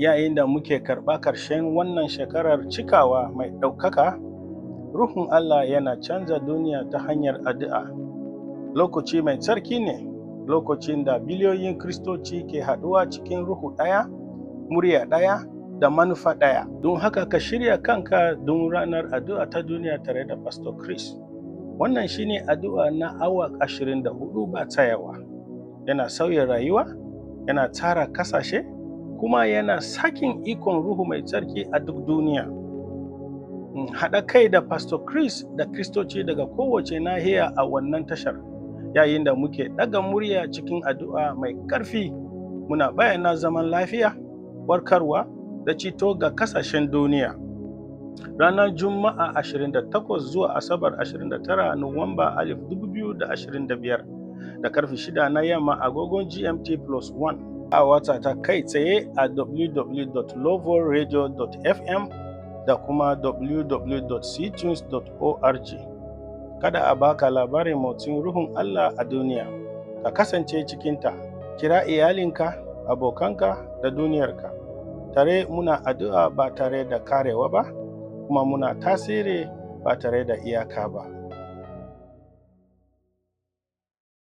yayin da muke karɓa ƙarshen wannan shekarar cikawa mai ɗaukaka, Ruhun Allah yana canza duniya ta hanyar addu'a. Lokaci mai tsarki ne, lokacin da biliyoyin Kiristoci ke haɗuwa cikin Ruhu ɗaya, murya ɗaya, da manufa ɗaya. Don haka ka shirya kanka don ranar addu'a ta duniya tare da Pastor Chris. Wannan shine addu'a na awa ashirin da 24 ba tsayawa. Yana sauya rayuwa, yana tsara kasashe, kuma yana sakin ikon Ruhu Mai Tsarki a duk duniya. Haɗa kai da Pastor Chris da Kristoci daga kowace nahiya a wannan tashar, yayin da muke ɗaga murya cikin addu'a mai ƙarfi muna bayyana zaman lafiya, warkarwa da cito ga kasashen duniya. Ranar Juma'a 28 zuwa Asabar 29 Nuwamba 2025 da karfe shida na yamma agogon GMT plus 1. a wata ta kai tsaye a www.lovoradio.fm da kuma www.ctunes.org. Kada a baka labarin motsin Ruhun Allah a duniya, ka kasance cikinta, kira iyalinka, abokanka da duniyarka. Tare muna addu'a ba tare da karewa ba, kuma muna tasiri ba tare da iyaka ba.